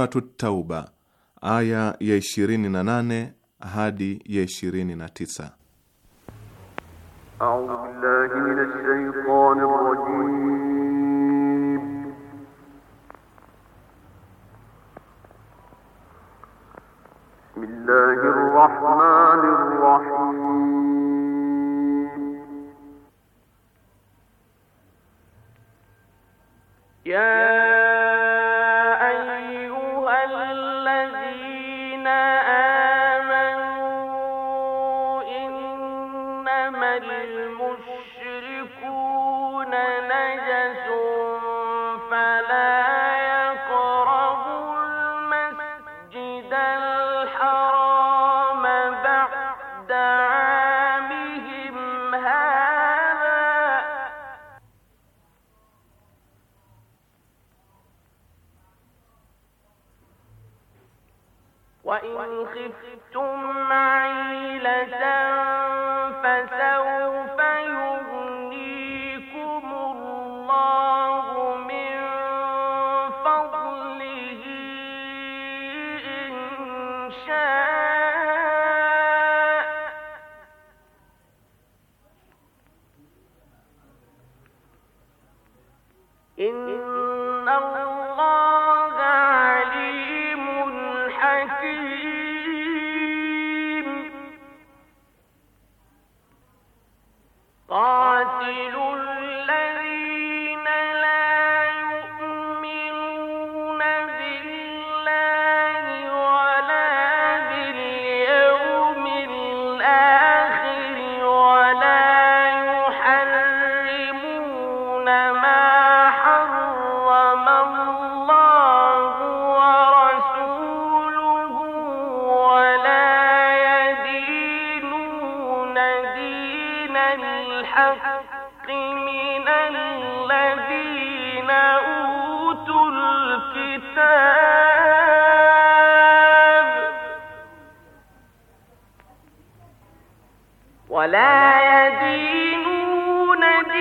Suratut Tauba aya ya ishirini na nane hadi ya ishirini na tisa ما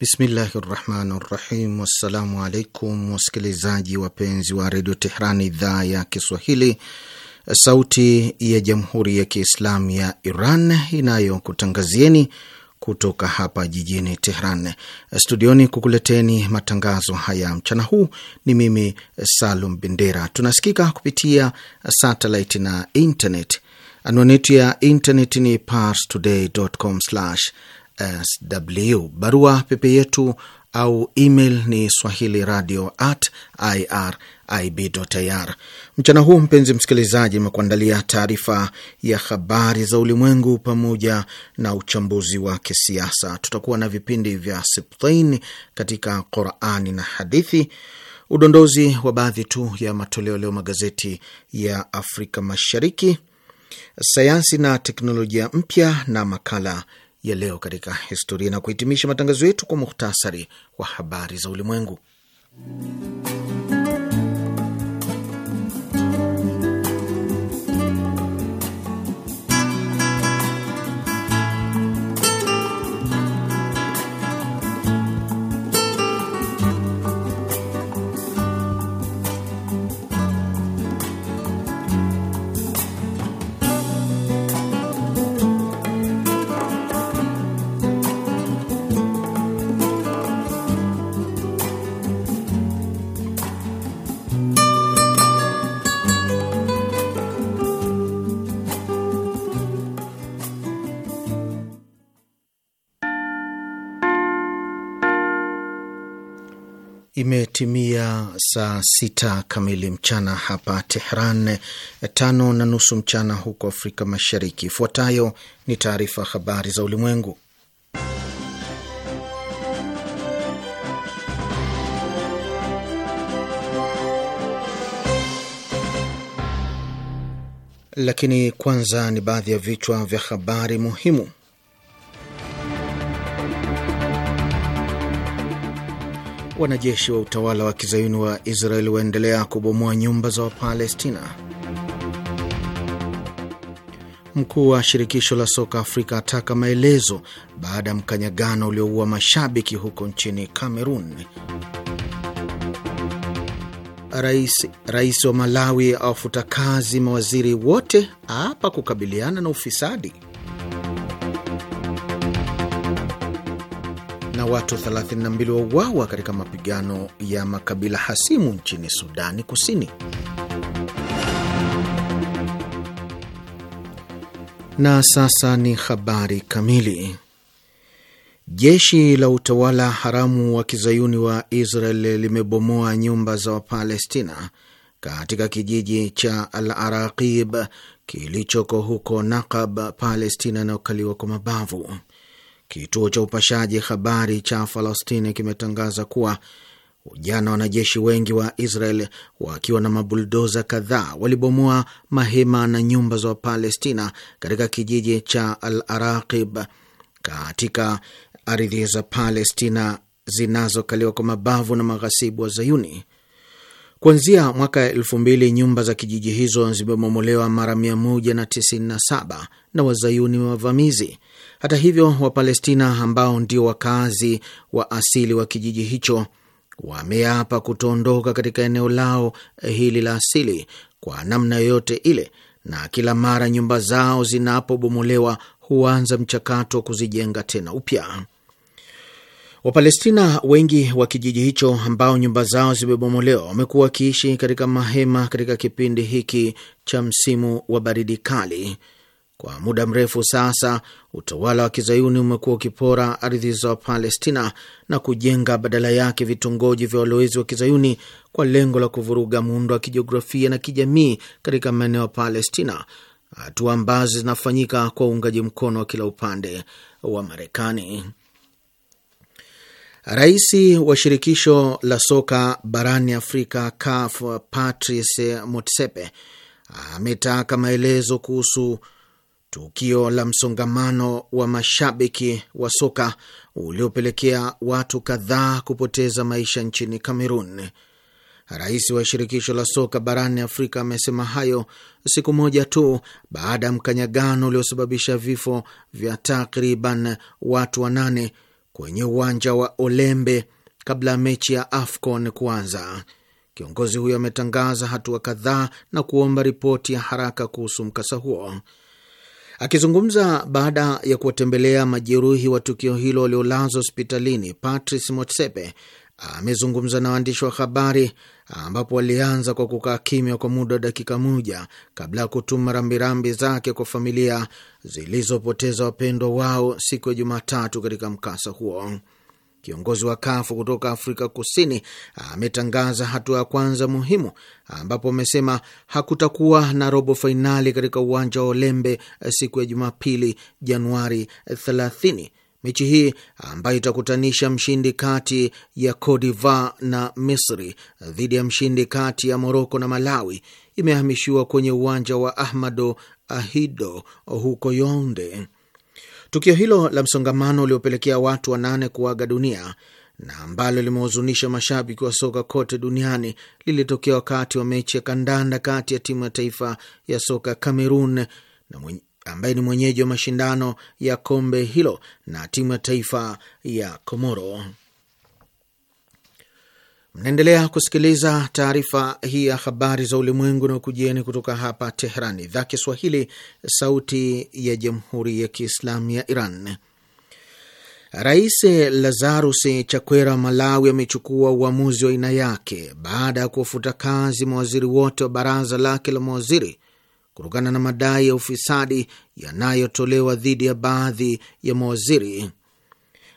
Bismillahi rahmani rahim. Wassalamu alaikum wasikilizaji wapenzi wa redio Tehran, idhaa ya Kiswahili, sauti ya jamhuri ya Kiislamu ya Iran inayokutangazieni kutoka hapa jijini Tehran studioni kukuleteni matangazo haya mchana huu. Ni mimi Salum Bendera. Tunasikika kupitia satellite na internet. Anwani yetu ya internet ni parstoday.com sw. Barua pepe yetu au email ni swahili radio at irib.ir. Mchana huu mpenzi msikilizaji, imekuandalia taarifa ya habari za ulimwengu pamoja na uchambuzi wa kisiasa. Tutakuwa na vipindi vya Sibtain katika Qurani na hadithi, udondozi wa baadhi tu ya matoleo leo magazeti ya Afrika Mashariki, sayansi na teknolojia mpya na makala ya leo katika historia na kuhitimisha matangazo yetu kwa muhtasari wa habari za ulimwengu. Imetimia saa sita kamili mchana hapa Tehran, tano na nusu mchana huko Afrika Mashariki. Ifuatayo ni taarifa habari za ulimwengu, lakini kwanza ni baadhi ya vichwa vya habari muhimu. Wanajeshi wa utawala wa kizayuni wa Israeli waendelea kubomoa nyumba za Wapalestina. Mkuu wa shirikisho la soka Afrika ataka maelezo baada ya mkanyagano ulioua mashabiki huko nchini Kamerun. Rais, rais wa Malawi awafuta kazi mawaziri wote, aapa kukabiliana na ufisadi. watu 32 wauawa katika mapigano ya makabila hasimu nchini Sudani Kusini. Na sasa ni habari kamili. Jeshi la utawala haramu wa kizayuni wa Israel limebomoa nyumba za Wapalestina katika kijiji cha Al Araqib kilichoko huko Naqab, Palestina inayokaliwa kwa mabavu. Kituo cha upashaji habari cha Falastini kimetangaza kuwa jana wanajeshi wengi wa Israel wakiwa na mabuldoza kadhaa walibomoa mahema na nyumba za Wapalestina katika kijiji cha Al Araqib katika ardhi za Palestina zinazokaliwa kwa mabavu na maghasibu wa Zayuni. Kuanzia mwaka elfu mbili nyumba za kijiji hizo zimebomolewa mara 197 na Wazayuni wavamizi hata hivyo, Wapalestina ambao ndio wakazi wa asili wa kijiji hicho wameapa kutoondoka katika eneo lao eh, hili la asili kwa namna yoyote ile, na kila mara nyumba zao zinapobomolewa huanza mchakato wa kuzijenga tena upya. Wapalestina wengi wa kijiji hicho ambao nyumba zao zimebomolewa wamekuwa wakiishi katika mahema katika kipindi hiki cha msimu wa baridi kali. Kwa muda mrefu sasa utawala wa kizayuni umekuwa ukipora ardhi za Wapalestina na kujenga badala yake vitongoji vya walowezi wa kizayuni kwa lengo la kuvuruga muundo wa kijiografia na kijamii katika maeneo ya Palestina, hatua ambazo zinafanyika kwa uungaji mkono wa kila upande wa Marekani. Rais wa shirikisho la soka barani Afrika CAF Patrice Motsepe ametaka maelezo kuhusu tukio la msongamano wa mashabiki wa soka uliopelekea watu kadhaa kupoteza maisha nchini Kamerun. Rais wa shirikisho la soka barani Afrika amesema hayo siku moja tu baada ya mkanyagano uliosababisha vifo vya takriban watu wanane kwenye uwanja wa Olembe kabla ya mechi ya AFCON kuanza. Kiongozi huyo ametangaza hatua kadhaa na kuomba ripoti ya haraka kuhusu mkasa huo. Akizungumza baada ya kuwatembelea majeruhi wa tukio hilo waliolazwa hospitalini, Patrice Motsepe amezungumza na waandishi wa habari ambapo walianza kwa kukaa kimya kwa muda wa dakika moja kabla ya kutuma rambirambi zake kwa familia zilizopoteza wapendwa wao siku ya Jumatatu katika mkasa huo. Kiongozi wa kafu kutoka Afrika Kusini ametangaza hatua ya kwanza muhimu, ambapo amesema hakutakuwa na robo fainali katika uwanja wa Olembe siku ya Jumapili, Januari 30. Mechi hii ambayo itakutanisha mshindi kati ya Cote d'Ivoire na Misri dhidi ya mshindi kati ya Moroko na Malawi imehamishiwa kwenye uwanja wa Ahmado Ahido huko Yaounde. Tukio hilo la msongamano uliopelekea watu wanane kuaga dunia na ambalo limehuzunisha mashabiki wa soka kote duniani lilitokea wakati wa mechi ya kandanda kati ya timu ya taifa ya soka Cameroon ambaye ni mwenyeji wa mashindano ya kombe hilo na timu ya taifa ya Komoro. Mnaendelea kusikiliza taarifa hii ya habari za ulimwengu na ukujieni kutoka hapa Tehran, idhaa Kiswahili, sauti ya jamhuri ya kiislamu ya Iran. Rais Lazarus Chakwera Malawi amechukua uamuzi wa aina yake baada ya kuwafuta kazi mawaziri wote wa baraza lake la mawaziri kutokana na madai ya ufisadi yanayotolewa dhidi ya baadhi ya mawaziri.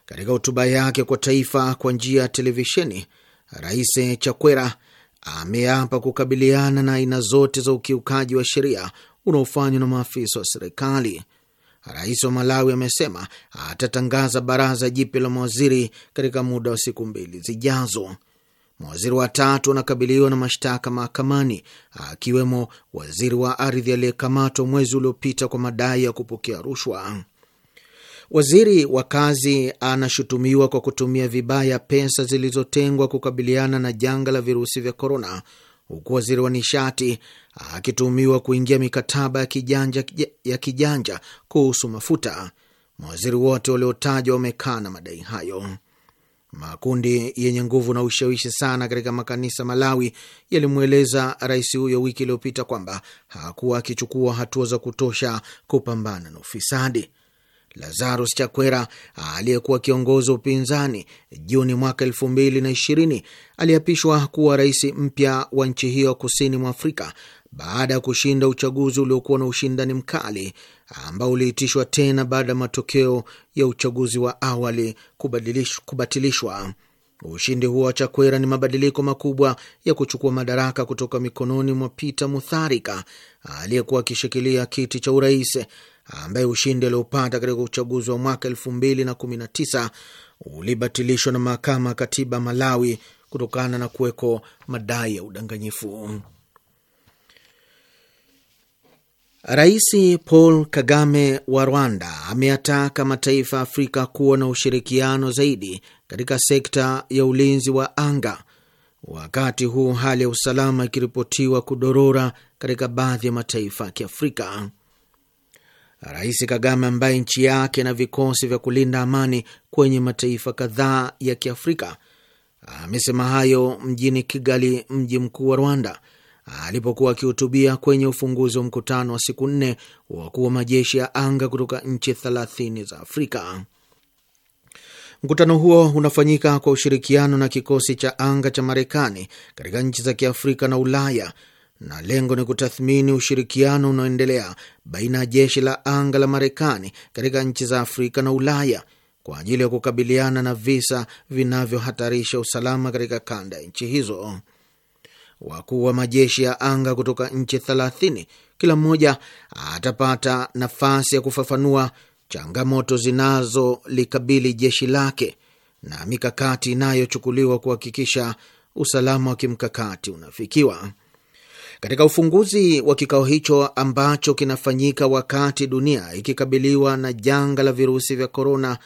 Katika hotuba yake kwa taifa kwa njia ya televisheni Rais Chakwera ameapa kukabiliana na aina zote za ukiukaji wa sheria unaofanywa na maafisa wa serikali. Rais wa Malawi amesema atatangaza baraza jipya la mawaziri katika muda wa siku mbili zijazo. Mawaziri watatu wanakabiliwa na mashtaka mahakamani, akiwemo waziri wa ardhi aliyekamatwa mwezi uliopita kwa madai ya kupokea rushwa. Waziri wa kazi anashutumiwa kwa kutumia vibaya pesa zilizotengwa kukabiliana na janga la virusi vya korona, huku waziri wa nishati akitumiwa kuingia mikataba ya kijanja, ya kijanja kuhusu mafuta. Mawaziri wote waliotajwa na madai hayo. Makundi yenye nguvu na ushawishi sana katika makanisa Malawi yalimweleza rais huyo wiki iliyopita kwamba hakuwa akichukua hatua za kutosha kupambana na ufisadi. Lazarus Chakwera aliyekuwa kiongozi wa upinzani Juni mwaka elfu mbili na ishirini aliapishwa kuwa rais mpya wa nchi hiyo kusini mwa Afrika baada ya kushinda uchaguzi uliokuwa na ushindani mkali ambao uliitishwa tena baada ya matokeo ya uchaguzi wa awali kubatilishwa. Ushindi huo wa Chakwera ni mabadiliko makubwa ya kuchukua madaraka kutoka mikononi mwa Peter Mutharika aliyekuwa akishikilia kiti cha urais ambaye ushindi aliopata katika uchaguzi wa mwaka elfu mbili na kumi na tisa ulibatilishwa na mahakama ya katiba Malawi kutokana na kuweko madai ya udanganyifu. Rais Paul Kagame wa Rwanda ameyataka mataifa ya Afrika kuwa na ushirikiano zaidi katika sekta ya ulinzi wa anga, wakati huu hali ya usalama ikiripotiwa kudorora katika baadhi ya mataifa ya Kiafrika. Rais Kagame ambaye nchi yake na vikosi vya kulinda amani kwenye mataifa kadhaa ya Kiafrika amesema hayo mjini Kigali, mji mkuu wa Rwanda, alipokuwa akihutubia kwenye ufunguzi wa mkutano wa siku nne wa wakuu wa majeshi ya anga kutoka nchi thelathini za Afrika. Mkutano huo unafanyika kwa ushirikiano na kikosi cha anga cha Marekani katika nchi za Kiafrika na Ulaya na lengo ni kutathmini ushirikiano unaoendelea baina ya jeshi la anga la Marekani katika nchi za Afrika na Ulaya kwa ajili ya kukabiliana na visa vinavyohatarisha usalama katika kanda ya nchi hizo. Wakuu wa majeshi ya anga kutoka nchi thelathini, kila mmoja atapata nafasi ya kufafanua changamoto zinazolikabili jeshi lake na mikakati inayochukuliwa kuhakikisha usalama wa kimkakati unafikiwa. Katika ufunguzi wa kikao hicho ambacho kinafanyika wakati dunia ikikabiliwa na janga la virusi vya korona,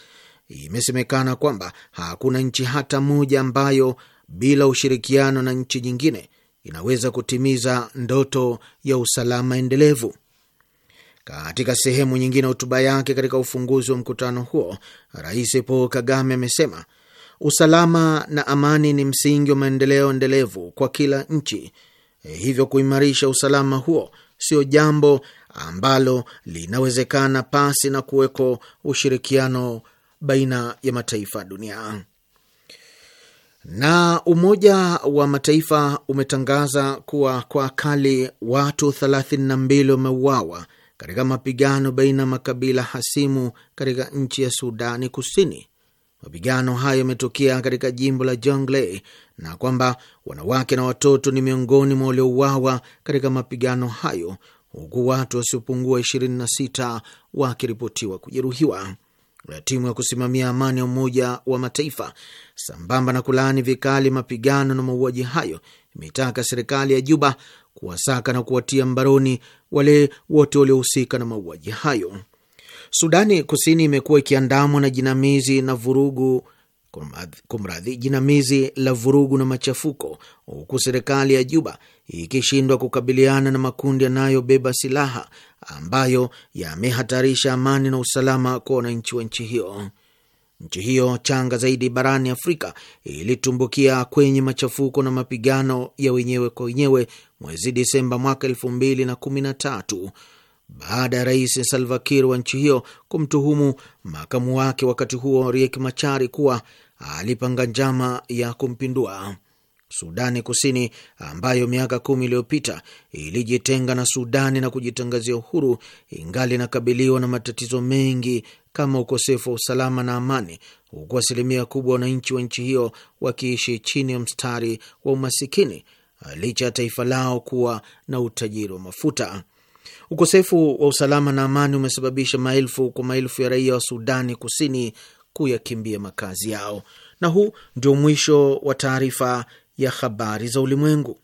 imesemekana kwamba hakuna nchi hata moja ambayo bila ushirikiano na nchi nyingine inaweza kutimiza ndoto ya usalama endelevu. Katika sehemu nyingine hotuba yake katika ufunguzi wa mkutano huo, Rais Paul Kagame amesema usalama na amani ni msingi wa maendeleo endelevu kwa kila nchi E, hivyo kuimarisha usalama huo sio jambo ambalo linawezekana pasi na kuweko ushirikiano baina ya mataifa dunia. Na Umoja wa Mataifa umetangaza kuwa kwa akali watu 32 wameuawa katika mapigano baina ya makabila hasimu katika nchi ya Sudani Kusini mapigano hayo yametokea katika jimbo la Jonglei na kwamba wanawake na watoto ni miongoni mwa waliouawa katika mapigano hayo huku watu wasiopungua 26 wakiripotiwa kujeruhiwa. Timu ya kusimamia amani ya Umoja wa Mataifa, sambamba na kulaani vikali mapigano na mauaji hayo, imetaka serikali ya Juba kuwasaka na kuwatia mbaroni wale wote waliohusika na mauaji hayo. Sudani Kusini imekuwa ikiandamwa na jinamizi na vurugu kumradhi, jinamizi la vurugu na machafuko, huku serikali ya Juba ikishindwa kukabiliana na makundi yanayobeba silaha ambayo yamehatarisha amani na usalama kwa wananchi wa nchi hiyo. Nchi hiyo changa zaidi barani Afrika ilitumbukia kwenye machafuko na mapigano ya wenyewe kwa wenyewe mwezi Disemba mwaka elfu mbili na kumi na tatu baada ya rais Salva Kiir wa nchi hiyo kumtuhumu makamu wake wakati huo Riek Machari kuwa alipanga njama ya kumpindua. Sudani Kusini ambayo miaka kumi iliyopita ilijitenga na Sudani na kujitangazia uhuru ingali inakabiliwa na matatizo mengi kama ukosefu wa usalama na amani, huku asilimia kubwa wananchi wa nchi hiyo wakiishi chini ya mstari wa umasikini licha ya taifa lao kuwa na utajiri wa mafuta. Ukosefu wa usalama na amani umesababisha maelfu kwa maelfu ya raia wa Sudani Kusini kuyakimbia makazi yao. Na huu ndio mwisho wa taarifa ya habari za ulimwengu.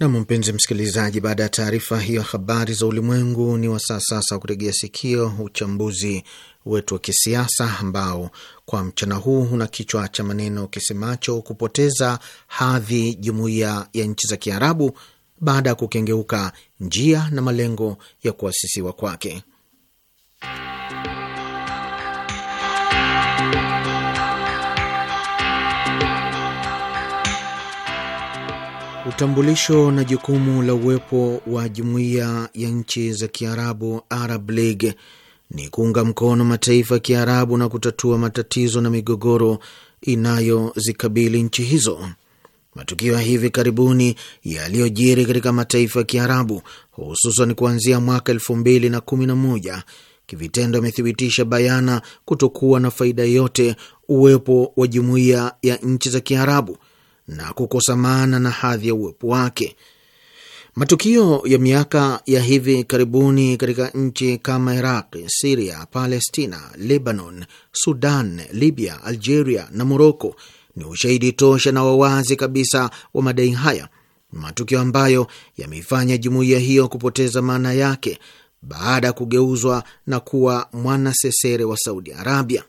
Nam, mpenzi msikilizaji, baada ya taarifa hiyo habari za ulimwengu, ni wasaa sasa wa kutegea sikio uchambuzi wetu wa kisiasa ambao kwa mchana huu una kichwa cha maneno kisemacho kupoteza hadhi jumuiya ya nchi za Kiarabu baada ya kukengeuka njia na malengo ya kuasisiwa kwake. Utambulisho na jukumu la uwepo wa jumuiya ya nchi za Kiarabu, Arab League, ni kuunga mkono mataifa ya Kiarabu na kutatua matatizo na migogoro inayozikabili nchi hizo. Matukio ya hivi karibuni yaliyojiri katika mataifa ya Kiarabu, hususan kuanzia mwaka elfu mbili na kumi na moja, kivitendo amethibitisha bayana kutokuwa na faida yote uwepo wa jumuiya ya nchi za Kiarabu na kukosa maana na hadhi ya uwepo wake. Matukio ya miaka ya hivi karibuni katika nchi kama Iraqi, Siria, Palestina, Lebanon, Sudan, Libya, Algeria na Moroko ni ushahidi tosha na wawazi kabisa wa madai haya, matukio ambayo yameifanya jumuiya hiyo kupoteza maana yake baada ya kugeuzwa na kuwa mwanasesere wa Saudi Arabia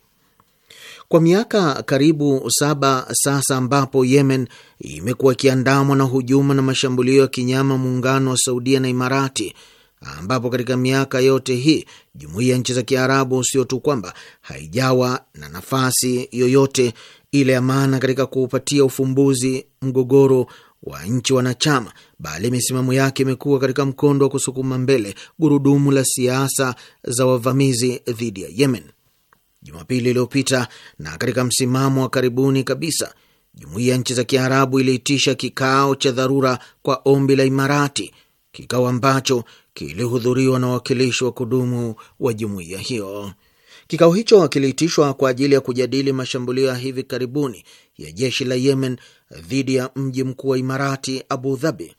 kwa miaka karibu saba sasa, ambapo Yemen imekuwa ikiandamwa na hujuma na mashambulio ya kinyama muungano wa Saudia na Imarati, ambapo katika miaka yote hii jumuiya ya nchi za Kiarabu sio tu kwamba haijawa na nafasi yoyote ile ya maana katika kuupatia ufumbuzi mgogoro wa nchi wanachama, bali misimamo yake imekuwa katika mkondo wa kusukuma mbele gurudumu la siasa za wavamizi dhidi ya Yemen. Jumapili iliyopita, na katika msimamo wa karibuni kabisa, jumuiya ya nchi za Kiarabu iliitisha kikao cha dharura kwa ombi la Imarati, kikao ambacho kilihudhuriwa na wawakilishi wa kudumu wa jumuiya hiyo. Kikao hicho kiliitishwa kwa ajili ya kujadili mashambulio ya hivi karibuni ya jeshi la Yemen dhidi ya mji mkuu wa Imarati, Abu Dhabi,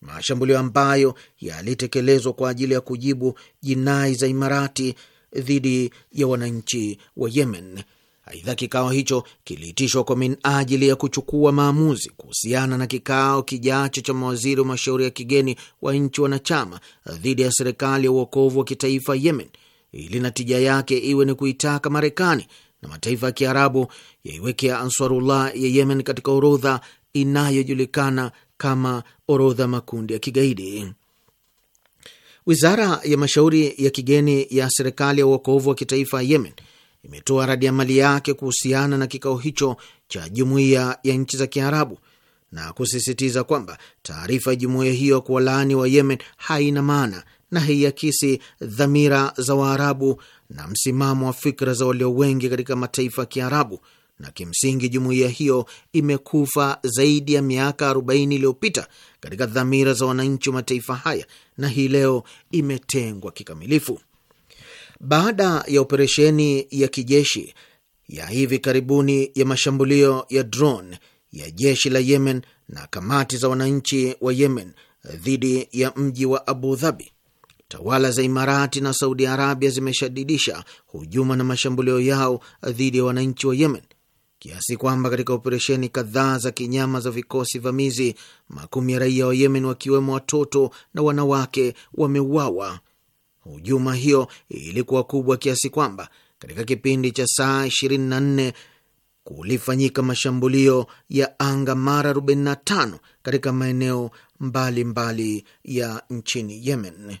mashambulio ambayo yalitekelezwa kwa ajili ya kujibu jinai za Imarati dhidi ya wananchi wa Yemen. Aidha, kikao hicho kiliitishwa kwa minajili ya kuchukua maamuzi kuhusiana na kikao kijacho cha mawaziri wa mashauri ya kigeni wa nchi wanachama dhidi ya serikali ya uokovu wa kitaifa Yemen, ili natija yake iwe ni kuitaka Marekani na mataifa ya Kiarabu yaiwekea Ansarullah ya Yemen katika orodha inayojulikana kama orodha makundi ya kigaidi. Wizara ya mashauri ya kigeni ya serikali ya uokovu wa kitaifa ya Yemen imetoa radi ya mali yake kuhusiana na kikao hicho cha jumuiya ya nchi za Kiarabu na kusisitiza kwamba taarifa ya jumuiya hiyo kwa laani wa Yemen haina maana na haiakisi dhamira za Waarabu na msimamo wa fikra za walio wengi katika mataifa ya Kiarabu na kimsingi jumuiya hiyo imekufa zaidi ya miaka 40 iliyopita katika dhamira za wananchi wa mataifa haya na hii leo imetengwa kikamilifu. Baada ya operesheni ya kijeshi ya hivi karibuni ya mashambulio ya drone ya jeshi la Yemen na kamati za wananchi wa Yemen dhidi ya mji wa Abu Dhabi, tawala za Imarati na Saudi Arabia zimeshadidisha hujuma na mashambulio yao dhidi ya wananchi wa Yemen kiasi kwamba katika operesheni kadhaa za kinyama za vikosi vamizi, makumi ya raia wa Yemen wakiwemo watoto na wanawake wameuawa. Hujuma hiyo ilikuwa kubwa kiasi kwamba katika kipindi cha saa 24 kulifanyika mashambulio ya anga mara 45 katika maeneo mbalimbali mbali ya nchini Yemen.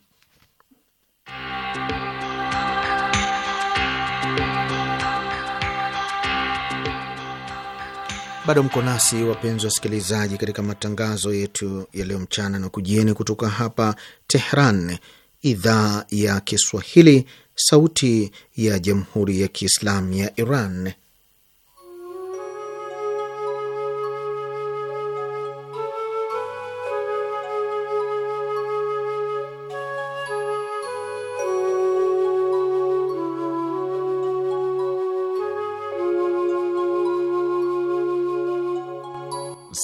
Bado mko nasi wapenzi wasikilizaji, katika matangazo yetu ya leo mchana na kujieni kutoka hapa Tehran, idhaa ya Kiswahili, sauti ya jamhuri ya kiislamu ya Iran.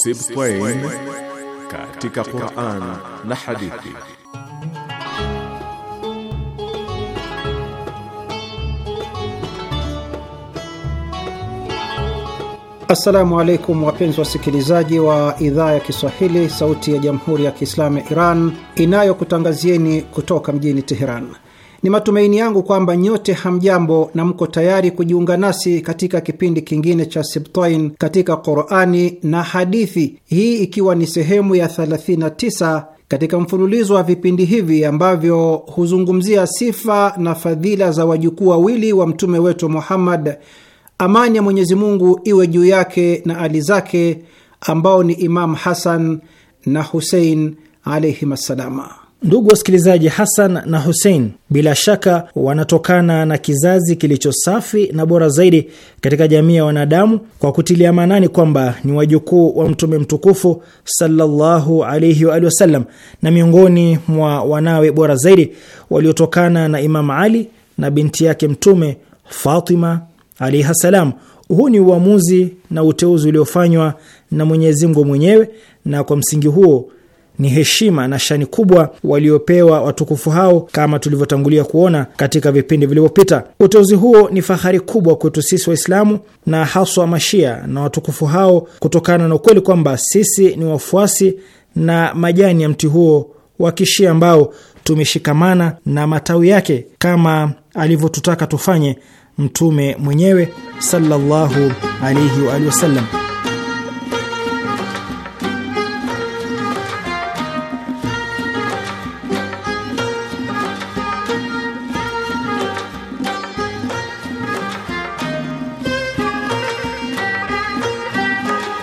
Sibtain katika Qur'an na hadithi. Assalamu alaikum wapenzi wasikilizaji wa idhaa ya Kiswahili sauti ya Jamhuri ya Kiislamu ya Iran inayokutangazieni kutoka mjini Teheran. Ni matumaini yangu kwamba nyote hamjambo na mko tayari kujiunga nasi katika kipindi kingine cha Sibtain katika Qurani na hadithi, hii ikiwa ni sehemu ya 39 katika mfululizo wa vipindi hivi ambavyo huzungumzia sifa na fadhila za wajukuu wawili wa mtume wetu Muhammad, amani ya Mwenyezi Mungu iwe juu yake na ali zake, ambao ni Imam Hasan na Husein alaihim assalama. Ndugu wasikilizaji, hasan na husein bila shaka wanatokana na kizazi kilicho safi na bora zaidi katika jamii ya wanadamu, kwa kutilia maanani kwamba ni wajukuu wa Mtume mtukufu sallallahu alaihi waalihi wasallam, na miongoni mwa wanawe bora zaidi waliotokana na Imamu Ali na binti yake Mtume Fatima alaihi salam. Huu ni uamuzi na uteuzi uliofanywa na Mwenyezi Mungu mwenyewe, na kwa msingi huo ni heshima na shani kubwa waliopewa watukufu hao, kama tulivyotangulia kuona katika vipindi vilivyopita. Uteuzi huo ni fahari kubwa kwetu sisi Waislamu na haswa Mashia na watukufu hao, kutokana na ukweli kwamba sisi ni wafuasi na majani ya mti huo wa Kishia ambao tumeshikamana na matawi yake kama alivyotutaka tufanye Mtume mwenyewe sallallahu alaihi wa alihi wasallam.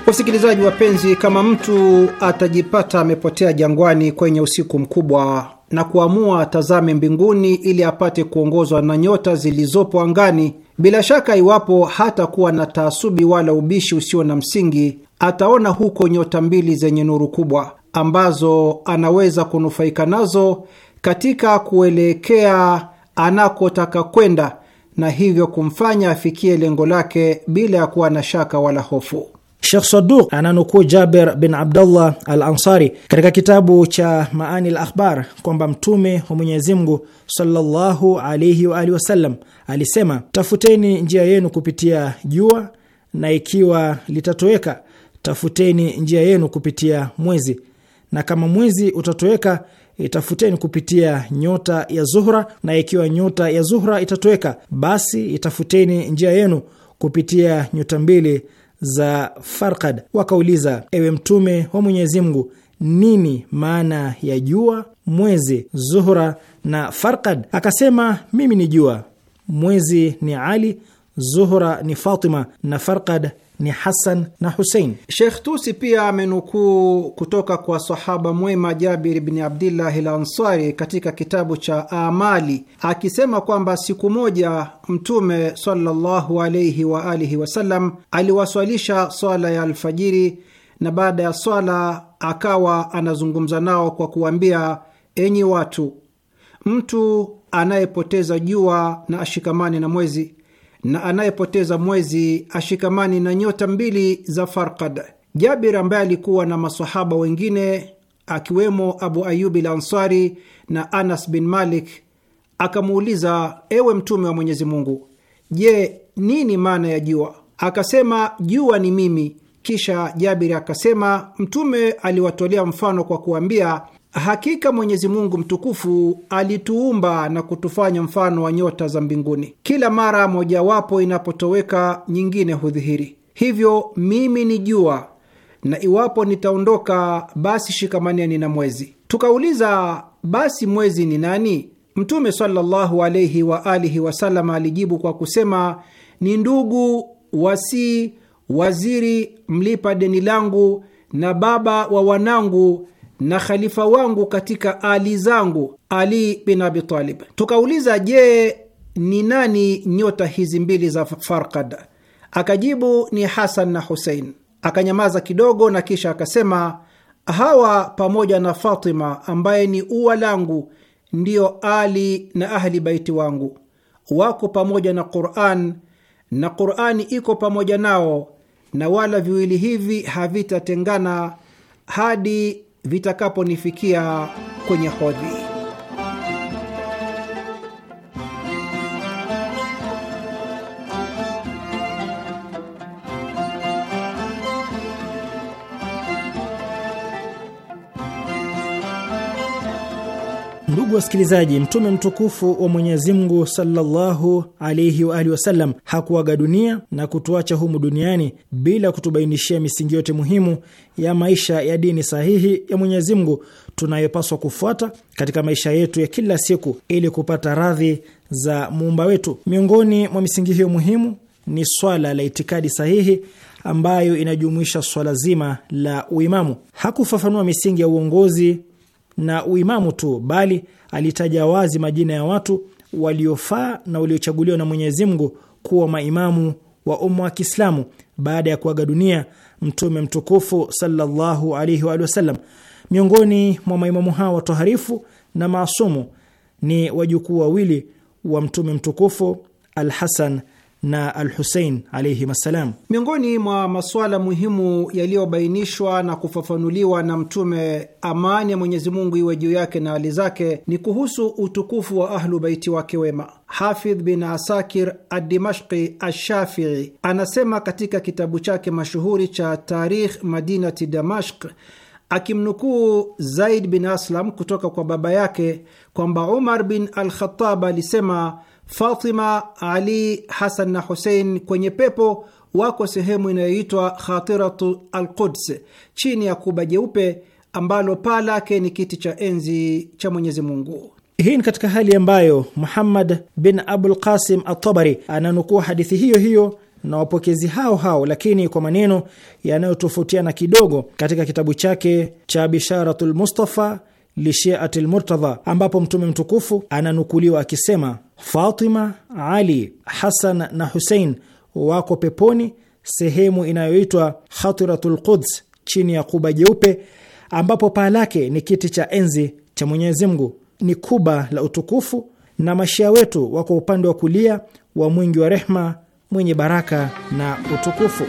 Wasikilizaji wapenzi, kama mtu atajipata amepotea jangwani kwenye usiku mkubwa na kuamua atazame mbinguni ili apate kuongozwa na nyota zilizopo angani, bila shaka, iwapo hatakuwa na taasubi wala ubishi usio na msingi, ataona huko nyota mbili zenye nuru kubwa ambazo anaweza kunufaika nazo katika kuelekea anakotaka kwenda na hivyo kumfanya afikie lengo lake bila ya kuwa na shaka wala hofu. Shekh Saduq ananukuu Jaber bin Abdullah al Ansari katika kitabu cha Maani al Akhbar kwamba Mtume wa Mwenyezi Mungu sallallahu alaihi wa alihi wasallam alisema, tafuteni njia yenu kupitia jua, na ikiwa litatoweka, tafuteni njia yenu kupitia mwezi, na kama mwezi utatoweka, itafuteni kupitia nyota ya Zuhra, na ikiwa nyota ya Zuhra itatoweka, basi itafuteni njia yenu kupitia nyota mbili za Farkad wakauliza, ewe Mtume wa Mwenyezi Mungu, nini maana ya jua, mwezi, Zuhura na Farkad? Akasema, mimi ni jua, mwezi ni Ali, Zuhura ni Fatima na Farkad ni Hasan na Husein. Shekh Tusi pia amenukuu kutoka kwa sahaba mwema Jabir Abdillah Abdillahi ansari katika kitabu cha Amali akisema kwamba siku moja Mtume sallallahu alaihi waalihi wasallam aliwaswalisha swala ya alfajiri, na baada ya swala akawa anazungumza nao kwa kuwambia enyi watu, mtu anayepoteza jua na ashikamane na mwezi na anayepoteza mwezi ashikamani na nyota mbili za Farkad. Jabir ambaye alikuwa na masahaba wengine akiwemo Abu Ayubi Lansari na Anas bin Malik akamuuliza, ewe Mtume wa Mwenyezi Mungu, je, nini maana ya jua? Akasema, jua ni mimi. Kisha Jabiri akasema, Mtume aliwatolea mfano kwa kuambia, Hakika Mwenyezi Mungu mtukufu alituumba na kutufanya mfano wa nyota za mbinguni. Kila mara mojawapo inapotoweka, nyingine hudhihiri. Hivyo mimi ni jua, na iwapo nitaondoka, basi shikamaneni na mwezi. Tukauliza, basi mwezi ni nani? Mtume sallallahu alaihi wa alihi wasallam alijibu kwa kusema, ni ndugu, wasii, waziri, mlipa deni langu na baba wa wanangu na khalifa wangu katika ali zangu, Ali bin Abi Talib. Tukauliza, je, ni nani nyota hizi mbili za Farkad? Akajibu, ni Hasan na Husein. Akanyamaza kidogo na kisha akasema, hawa pamoja na Fatima ambaye ni ua langu ndiyo Ali na ahli baiti wangu, wako pamoja na Quran na Qurani iko pamoja nao, na wala viwili hivi havitatengana hadi vitakaponifikia kwenye hodhi. Ndugu wasikilizaji, mtume mtukufu wa Mwenyezi Mungu sallallahu alaihi wa alihi wasallam hakuaga dunia na kutuacha humu duniani bila kutubainishia misingi yote muhimu ya maisha ya dini sahihi ya Mwenyezi Mungu tunayopaswa kufuata katika maisha yetu ya kila siku ili kupata radhi za muumba wetu. Miongoni mwa misingi hiyo muhimu ni swala la itikadi sahihi ambayo inajumuisha swala zima la uimamu. Hakufafanua misingi ya uongozi na uimamu tu, bali alitaja wazi majina ya watu waliofaa na waliochaguliwa na Mwenyezi Mungu kuwa maimamu wa umma wa Kiislamu baada ya kuaga dunia Mtume mtukufu sallallahu alaihi wa sallam. Miongoni mwa maimamu hao watoharifu na maasumu ni wajukuu wawili wa Mtume mtukufu Al-Hasan na al Husein alaihim assalam. Miongoni mwa masuala muhimu yaliyobainishwa na kufafanuliwa na Mtume, amani ya Mwenyezi Mungu iwe juu yake na hali zake, ni kuhusu utukufu wa Ahlu Baiti wake wema. Hafidh bin Asakir Adimashqi Ashafii anasema katika kitabu chake mashuhuri cha Tarikh Madinati Damashq akimnukuu Zaid bin Aslam kutoka kwa baba yake kwamba Umar bin Alkhatab alisema Fatima, Ali, Hasan na Husein kwenye pepo wako sehemu inayoitwa Khatiratu Alquds chini ya kuba jeupe ambalo paa lake ni kiti cha enzi cha Mwenyezi Mungu. Hii ni katika hali ambayo Muhammad bin Abul Qasim Atabari ananukua hadithi hiyo hiyo na wapokezi hao hao, lakini kwa maneno yanayotofautiana kidogo katika kitabu chake cha Bisharatu lmustafa lishiati lmurtadha, ambapo Mtume mtukufu ananukuliwa akisema Fatima, Ali, Hasan na Husein wako peponi sehemu inayoitwa Khatiratul Quds chini ya kuba jeupe ambapo paa lake ni kiti cha enzi cha Mwenyezi Mungu. Ni kuba la utukufu, na mashia wetu wako upande wa kulia wa mwingi wa rehma, mwenye baraka na utukufu.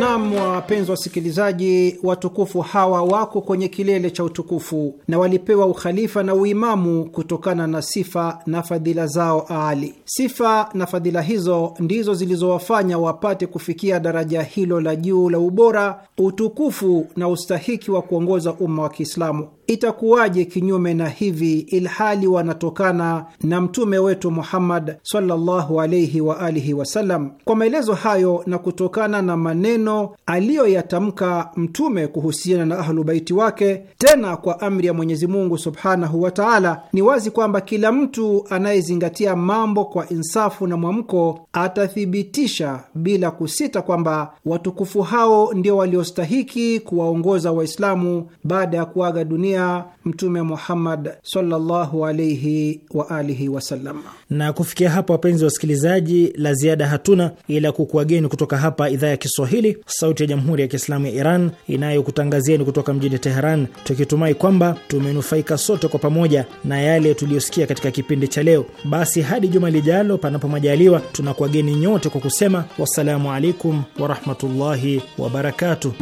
Naam, wapenzi wasikilizaji, watukufu hawa wako kwenye kilele cha utukufu na walipewa ukhalifa na uimamu kutokana na sifa na fadhila zao aali. Sifa na fadhila hizo ndizo zilizowafanya wapate kufikia daraja hilo la juu la ubora, utukufu na ustahiki wa kuongoza umma wa Kiislamu. Itakuwaje kinyume na hivi, ilhali wanatokana na mtume wetu Muhammad sallallahu alayhi wa alihi wasallam? Kwa maelezo hayo na kutokana na maneno maneno aliyoyatamka Mtume kuhusiana na Ahlubaiti wake, tena kwa amri ya Mwenyezi Mungu subhanahu wa taala, ni wazi kwamba kila mtu anayezingatia mambo kwa insafu na mwamko atathibitisha bila kusita kwamba watukufu hao ndio waliostahiki kuwaongoza Waislamu baada ya kuaga dunia Mtume Muhammad sallallahu alaihi wa alihi wasallam. Na kufikia hapa, wapenzi wasikilizaji, la ziada hatuna ila kukuageni kutoka hapa idhaa ya Kiswahili, sauti ya jamhuri ya kiislamu ya Iran inayokutangazieni kutoka mjini Teheran, tukitumai kwamba tumenufaika sote kwa pamoja na yale tuliyosikia katika kipindi cha leo. Basi hadi juma lijalo, panapo majaliwa, tunakuwageni nyote kwa kusema wassalamu alaikum warahmatullahi wabarakatuh.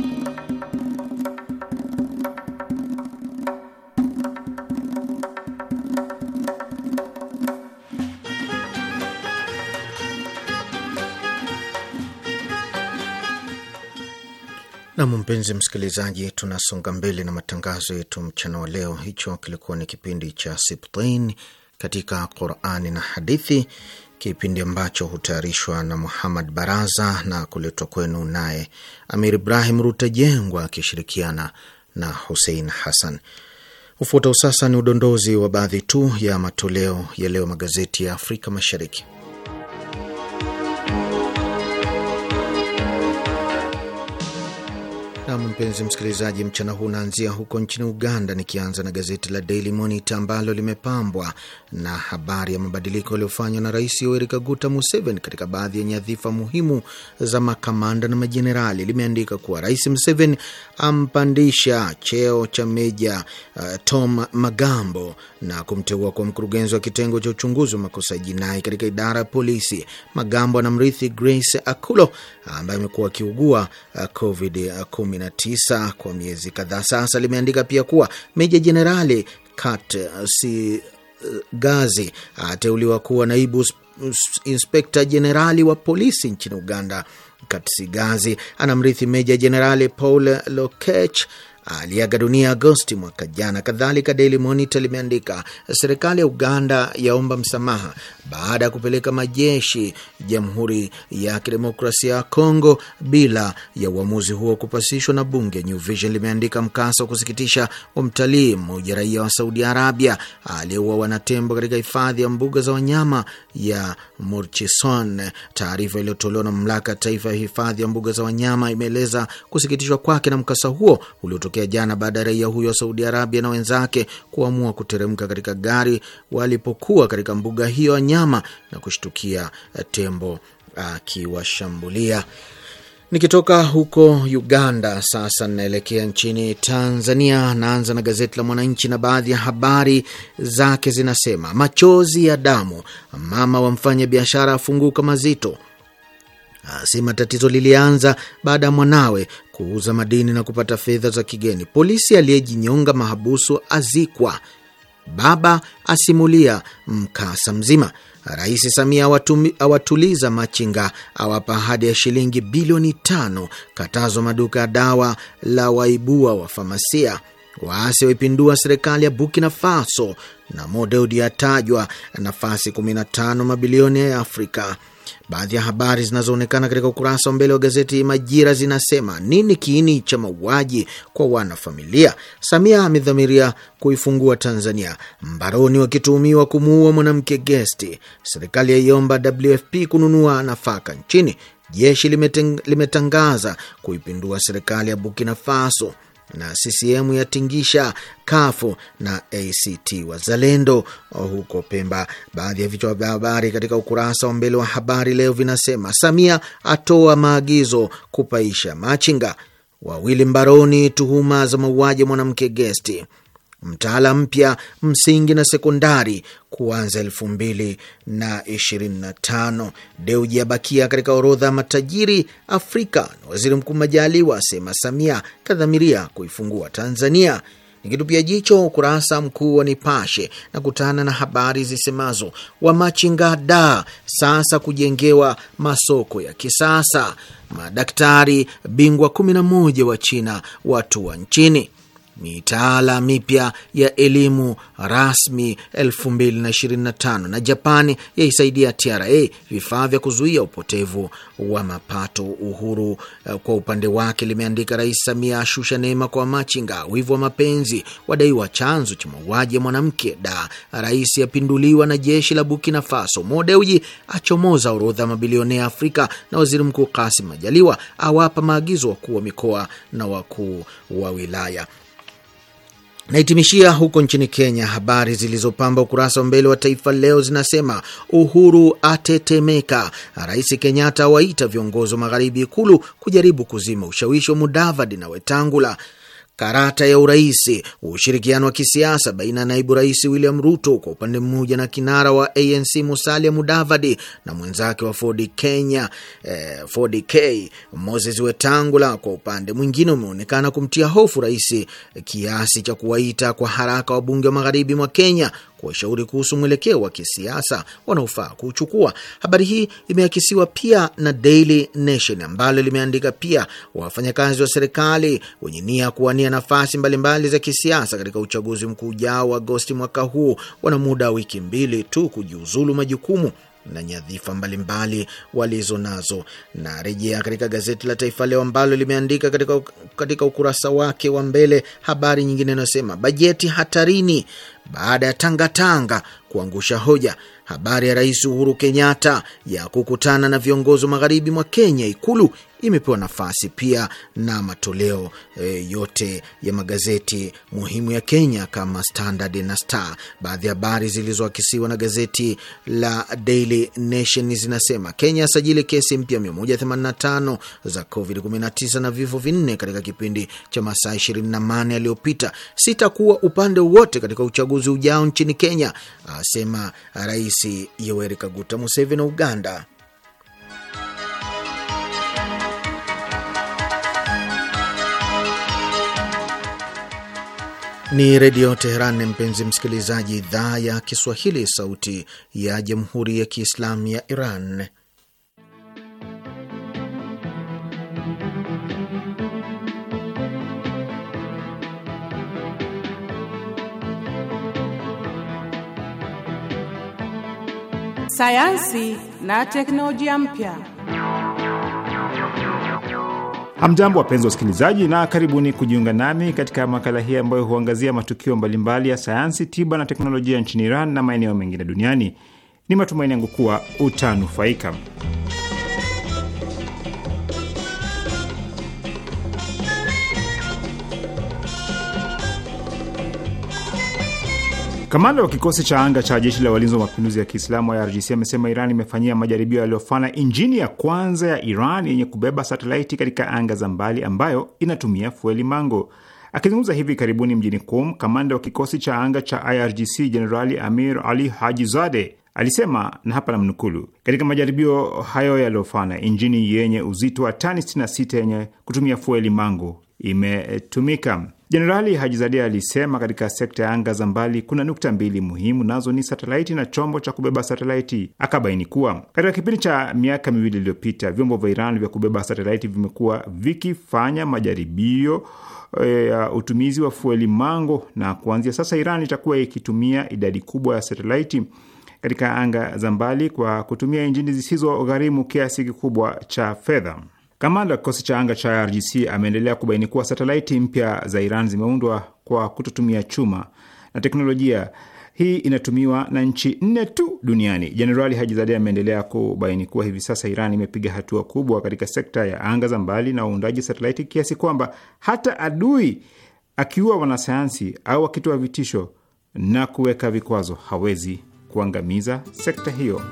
Nam, mpenzi msikilizaji, tunasonga mbele na matangazo yetu mchana wa leo. Hicho kilikuwa ni kipindi cha Sibtin katika Qurani na Hadithi, kipindi ambacho hutayarishwa na Muhammad Baraza na kuletwa kwenu naye Amir Ibrahim Rutajengwa akishirikiana na Husein Hasan. Ufuatao sasa ni udondozi wa baadhi tu ya matoleo ya leo magazeti ya Afrika Mashariki. Nam, mpenzi msikilizaji, mchana huu unaanzia huko nchini Uganda, nikianza na gazeti la Daily Monitor ambalo limepambwa na habari ya mabadiliko yaliyofanywa na Rais Yoweri Kaguta Museveni katika baadhi ya nyadhifa muhimu za makamanda na majenerali. Limeandika kuwa Rais Museveni ampandisha cheo cha Meja uh, Tom Magambo na kumteua kwa mkurugenzi wa kitengo cha uchunguzi wa makosa ya jinai katika idara ya polisi. Magambo anamrithi Grace Akulo ambaye amekuwa akiugua uh, covid 19 kwa miezi kadhaa sasa. Limeandika pia kuwa Meja Jenerali Kat Sigazi eh, ateuliwa kuwa naibu inspekta jenerali wa polisi nchini Uganda. Katsigazi anamrithi Meja Jenerali Paul Lokech aliaga dunia Agosti mwaka jana. Kadhalika, Daily Monitor limeandika serikali ya Uganda yaomba msamaha baada ya kupeleka majeshi Jamhuri ya Kidemokrasia ya Kongo bila ya uamuzi huo kupasishwa na bunge. New Vision limeandika mkasa wa kusikitisha wa mtalii mmoja raia wa Saudi Arabia aliyeuawa na tembo katika hifadhi ya mbuga za wanyama ya Murchison. Taarifa iliyotolewa na mamlaka ya taifa ya hifadhi ya mbuga za wanyama imeeleza kusikitishwa kwake na mkasa huo uliotokea yake jana baada ya raia huyo wa Saudi Arabia na wenzake kuamua kuteremka katika gari walipokuwa katika mbuga hiyo ya nyama na kushtukia tembo akiwashambulia. Nikitoka huko Uganda sasa ninaelekea nchini Tanzania. Naanza na gazeti la Mwananchi na baadhi ya habari zake zinasema: machozi ya damu, mama wa mfanya biashara afunguka mazito, asema tatizo lilianza baada ya mwanawe kuuza madini na kupata fedha za kigeni. Polisi aliyejinyonga mahabusu azikwa. Baba asimulia mkasa mzima. Rais Samia awatuliza machinga, awapa ahadi ya shilingi bilioni tano. Katazo maduka ya dawa la waibua wa famasia Waasi waipindua serikali ya Burkina Faso na Modeudi atajwa nafasi 15 mabilioni ya Afrika. Baadhi ya habari zinazoonekana katika ukurasa wa mbele wa gazeti Majira zinasema nini kiini cha mauaji kwa wanafamilia? Samia amedhamiria kuifungua Tanzania. Mbaroni wakituhumiwa kumuua mwanamke gesti. Serikali yaiomba WFP kununua nafaka nchini. Jeshi limetangaza kuipindua serikali ya Burkina Faso na CCM yatingisha kafu na ACT Wazalendo oh, huko Pemba. Baadhi ya vichwa vya habari katika ukurasa wa mbele wa habari leo vinasema: Samia atoa maagizo kupaisha machinga, wawili mbaroni tuhuma za mauaji mwanamke gesti mtaala mpya msingi na sekondari kuanza elfu mbili na ishirini na tano. Deuji abakia katika orodha ya matajiri Afrika na waziri mkuu Majaliwa asema Samia kadhamiria kuifungua Tanzania. Nikitupia jicho ukurasa mkuu wa Nipashe na kutana na habari zisemazo wamachinga da sasa kujengewa masoko ya kisasa, madaktari bingwa 11 wa China watua nchini mitaala mipya ya elimu rasmi 2025 na Japani yaisaidia TRA vifaa vya kuzuia upotevu wa mapato. Uhuru eh, kwa upande wake limeandika, Rais Samia ashusha neema kwa machinga, wivu wa mapenzi wadaiwa chanzo cha mauaji ya mwanamke, da rais yapinduliwa na jeshi la Burkina Faso, Modeuji achomoza orodha mabilionea Afrika, na waziri mkuu Kasim Majaliwa awapa maagizo wakuu wa mikoa na wakuu wa wilaya. Nahitimishia huko nchini Kenya. Habari zilizopamba ukurasa wa mbele wa Taifa Leo zinasema Uhuru atetemeka, Rais Kenyatta awaita viongozi wa magharibi Ikulu kujaribu kuzima ushawishi wa Mudavadi na Wetangula karata ya urais, ushirikiano wa kisiasa baina ya naibu rais William Ruto kwa upande mmoja na kinara wa ANC Musalia Mudavadi na mwenzake wa Ford Kenya, eh, Ford K Moses Wetangula kwa upande mwingine umeonekana kumtia hofu rais kiasi cha kuwaita kwa haraka wabunge wa magharibi mwa Kenya kuwashauri kuhusu mwelekeo wa kisiasa wanaofaa kuchukua Habari hii imeakisiwa pia na Daily Nation ambalo limeandika pia wafanyakazi wa serikali wenye nia ya kuwania nafasi mbalimbali za kisiasa katika uchaguzi mkuu ujao wa Agosti mwaka huu wana muda wa wiki mbili tu kujiuzulu majukumu na nyadhifa mbalimbali walizo nazo. Na rejea katika gazeti la Taifa Leo ambalo limeandika katika, katika ukurasa wake wa mbele habari nyingine inayosema bajeti hatarini baada ya tangatanga kuangusha hoja. Habari ya Rais Uhuru Kenyatta ya kukutana na viongozi wa magharibi mwa Kenya Ikulu imepewa nafasi pia na matoleo e, yote ya magazeti muhimu ya Kenya kama Standard na Star. Baadhi ya habari zilizoakisiwa na gazeti la Daily Nation zinasema Kenya asajili kesi mpya 185 za COVID-19 na vifo vinne katika kipindi cha masaa 28 yaliyopita. Sitakuwa upande wote katika uchaguzi ujao nchini Kenya, asema Rais Yoweri Kaguta Museveni wa Uganda. Ni Redio Teheran, mpenzi msikilizaji, idhaa ya Kiswahili, sauti ya Jamhuri ya Kiislamu ya Iran. Sayansi na teknolojia mpya. Hamjambo, wapenzi wa usikilizaji, na karibuni kujiunga nami katika makala hii ambayo huangazia matukio mbalimbali ya sayansi, tiba na teknolojia nchini Iran na maeneo mengine duniani. Ni matumaini yangu kuwa utanufaika. Kamanda wa kikosi cha anga cha jeshi la walinzi wa mapinduzi ya Kiislamu IRGC amesema Iran imefanyia majaribio yaliyofana injini ya kwanza ya Iran yenye kubeba satelaiti katika anga za mbali ambayo inatumia fueli mango. Akizungumza hivi karibuni mjini Qom, kamanda wa kikosi cha anga cha IRGC Jenerali Amir Ali Hajizade alisema na hapa na mnukulu katika majaribio hayo yaliyofana, injini yenye uzito wa tani 66 yenye kutumia fueli mango imetumika. Jenerali Hajizadia alisema katika sekta ya anga za mbali kuna nukta mbili muhimu, nazo ni satelaiti na chombo cha kubeba satelaiti. Akabaini kuwa katika kipindi cha miaka miwili iliyopita vyombo vya Iran vya kubeba satelaiti vimekuwa vikifanya majaribio eh, ya e, utumizi wa fueli mango, na kuanzia sasa Iran itakuwa ikitumia idadi kubwa ya satelaiti katika anga za mbali kwa kutumia injini zisizo gharimu kiasi kikubwa cha fedha. Kamanda wa kikosi cha anga cha IRGC ameendelea kubaini kuwa satelaiti mpya za Iran zimeundwa kwa kutotumia chuma na teknolojia hii inatumiwa na nchi nne tu duniani. Jenerali Hajizade ameendelea kubaini kuwa hivi sasa Iran imepiga hatua kubwa katika sekta ya anga za mbali na uundaji satelaiti kiasi kwamba hata adui akiua wanasayansi au akitoa vitisho na kuweka vikwazo hawezi kuangamiza sekta hiyo.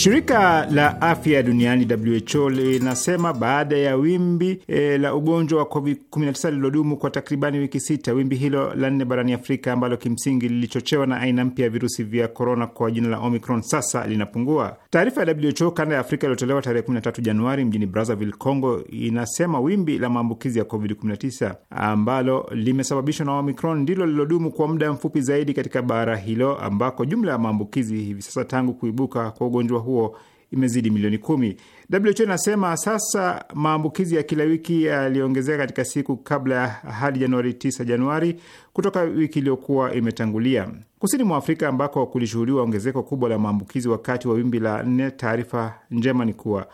Shirika la afya duniani WHO linasema baada ya wimbi e, la ugonjwa wa COVID-19 lilodumu kwa takribani wiki sita, wimbi hilo la nne barani Afrika ambalo kimsingi lilichochewa na aina mpya ya virusi vya korona kwa jina la Omicron sasa linapungua. Taarifa ya WHO kanda ya Afrika iliyotolewa tarehe 13 Januari mjini Brazzaville, Congo, inasema wimbi la maambukizi ya COVID-19 ambalo limesababishwa na Omicron ndilo lilodumu kwa muda mfupi zaidi katika bara hilo ambako jumla ya maambukizi hivi sasa tangu kuibuka kwa ugonjwa huu huo imezidi milioni kumi. WHO inasema sasa maambukizi ya kila wiki yaliongezeka katika siku kabla ya hadi Januari 9 Januari kutoka wiki iliyokuwa imetangulia. Kusini mwa Afrika ambako kulishuhudiwa ongezeko kubwa la maambukizi wakati wa wimbi la nne, taarifa njema ni kuwa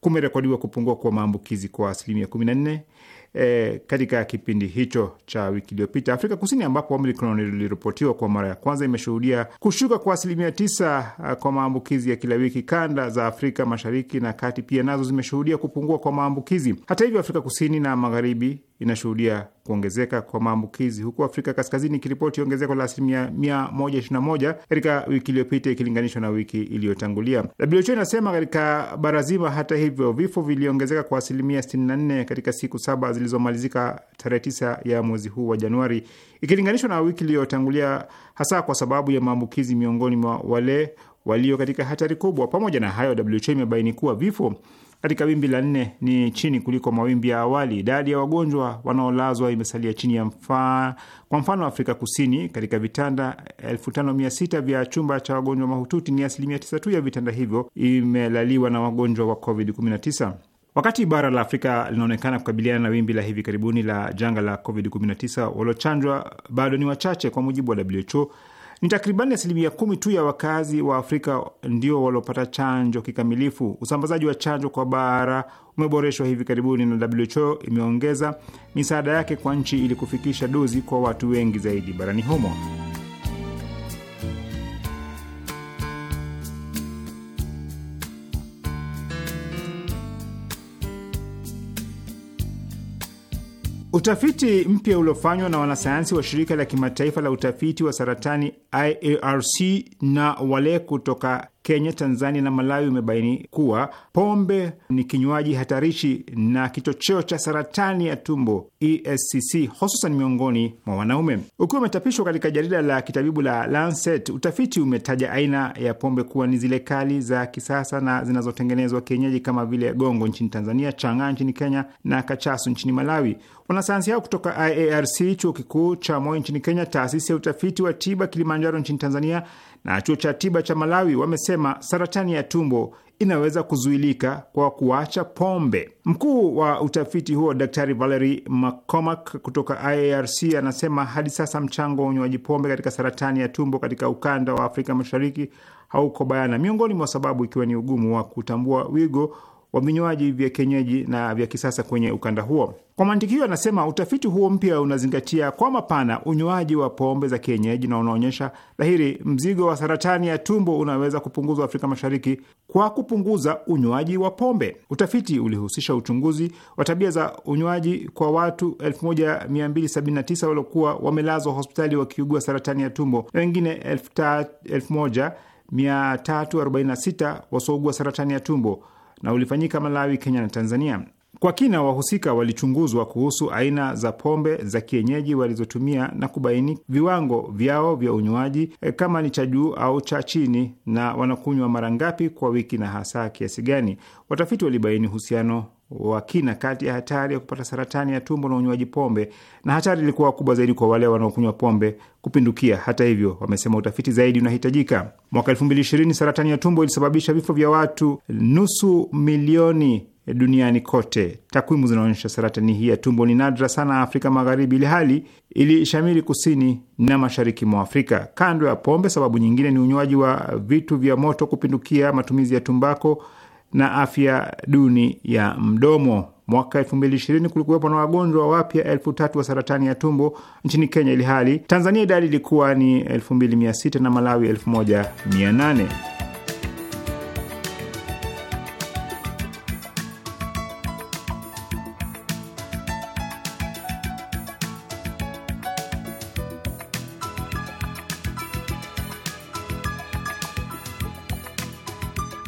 kumerekodiwa kupungua kwa maambukizi kwa asilimia 14 e, katika kipindi hicho cha wiki iliyopita. Afrika Kusini, ambapo Omicron iliripotiwa kwa mara ya kwanza, imeshuhudia kushuka kwa asilimia tisa eh, kwa maambukizi ya kila wiki. Kanda za Afrika Mashariki na Kati pia nazo zimeshuhudia kupungua kwa maambukizi. Hata hivyo, Afrika Kusini na Magharibi inashuhudia kuongezeka kwa maambukizi huku Afrika Kaskazini ikiripoti ongezeko la asilimia 121 katika wiki iliyopita ikilinganishwa na wiki iliyotangulia. WHO inasema katika bara zima, hata hivyo, vifo viliongezeka kwa asilimia 64 katika siku saba zilizomalizika tarehe 9 ya mwezi huu wa Januari ikilinganishwa na wiki iliyotangulia, hasa kwa sababu ya maambukizi miongoni mwa wale walio katika hatari kubwa. Pamoja na hayo, WHO imebaini kuwa vifo katika wimbi la nne ni chini kuliko mawimbi ya awali. Idadi ya wagonjwa wanaolazwa imesalia chini ya mfa... Kwa mfano, Afrika Kusini, katika vitanda 5600 vya chumba cha wagonjwa mahututi ni asilimia 9 tu ya vitanda hivyo imelaliwa na wagonjwa wa COVID-19. Wakati bara la Afrika linaonekana kukabiliana na wimbi la hivi karibuni la janga la COVID-19, waliochanjwa bado ni wachache. Kwa mujibu wa WHO, ni takribani asilimia kumi tu ya wakazi wa Afrika ndio waliopata chanjo kikamilifu. Usambazaji wa chanjo kwa bara umeboreshwa hivi karibuni na WHO imeongeza misaada yake kwa nchi ili kufikisha dozi kwa watu wengi zaidi barani humo. Utafiti mpya uliofanywa na wanasayansi wa shirika la kimataifa la utafiti wa saratani IARC na wale kutoka Kenya, Tanzania na Malawi umebaini kuwa pombe ni kinywaji hatarishi na kichocheo cha saratani ya tumbo ESCC, hususan miongoni mwa wanaume. Ukiwa umechapishwa katika jarida la kitabibu la Lancet, utafiti umetaja aina ya pombe kuwa ni zile kali za kisasa na zinazotengenezwa kienyeji kama vile gongo nchini Tanzania, chang'aa nchini Kenya na kachasu nchini Malawi. Wanasayansi hao kutoka IARC, chuo kikuu cha Moi nchini Kenya, taasisi ya utafiti wa tiba Kilimanjaro nchini Tanzania na chuo cha tiba cha Malawi wamesema saratani ya tumbo inaweza kuzuilika kwa kuacha pombe. Mkuu wa utafiti huo Daktari Valery McCormack kutoka IARC anasema hadi sasa mchango wa unywaji pombe katika saratani ya tumbo katika ukanda wa Afrika Mashariki hauko bayana, miongoni mwa sababu ikiwa ni ugumu wa kutambua wigo wa vinywaji vya kienyeji na vya kisasa kwenye ukanda huo. Kwa mantiki hiyo, anasema utafiti huo mpya unazingatia kwa mapana unywaji wa pombe za kienyeji na unaonyesha dhahiri mzigo wa saratani ya tumbo unaweza kupunguzwa Afrika Mashariki kwa kupunguza unywaji wa pombe. Utafiti ulihusisha uchunguzi wa tabia za unywaji kwa watu 1279 waliokuwa wamelazwa hospitali wakiugua saratani ya tumbo na wengine 1346 wasiougua saratani ya tumbo na ulifanyika Malawi, Kenya na Tanzania. Kwa kina, wahusika walichunguzwa kuhusu aina za pombe za kienyeji walizotumia na kubaini viwango vyao vya unywaji, e, kama ni cha juu au cha chini, na wanakunywa mara ngapi kwa wiki na hasa kiasi gani. Watafiti walibaini uhusiano wa kina kati ya hatari ya kupata saratani ya tumbo na unywaji pombe, na hatari ilikuwa kubwa zaidi kwa wale wanaokunywa pombe kupindukia. Hata hivyo, wamesema utafiti zaidi unahitajika. Mwaka elfu mbili ishirini saratani ya tumbo ilisababisha vifo vya watu nusu milioni duniani kote. Takwimu zinaonyesha saratani hii ya tumbo ni nadra sana Afrika Magharibi, ili hali ilishamiri kusini na mashariki mwa Afrika. Kando ya pombe, sababu nyingine ni unywaji wa vitu vya moto kupindukia, matumizi ya tumbako na afya duni ya mdomo. Mwaka 2020 kulikuwepo na wagonjwa wapya elfu tatu wa saratani ya tumbo nchini Kenya, ilihali Tanzania idadi ilikuwa ni 2600 na Malawi 1800.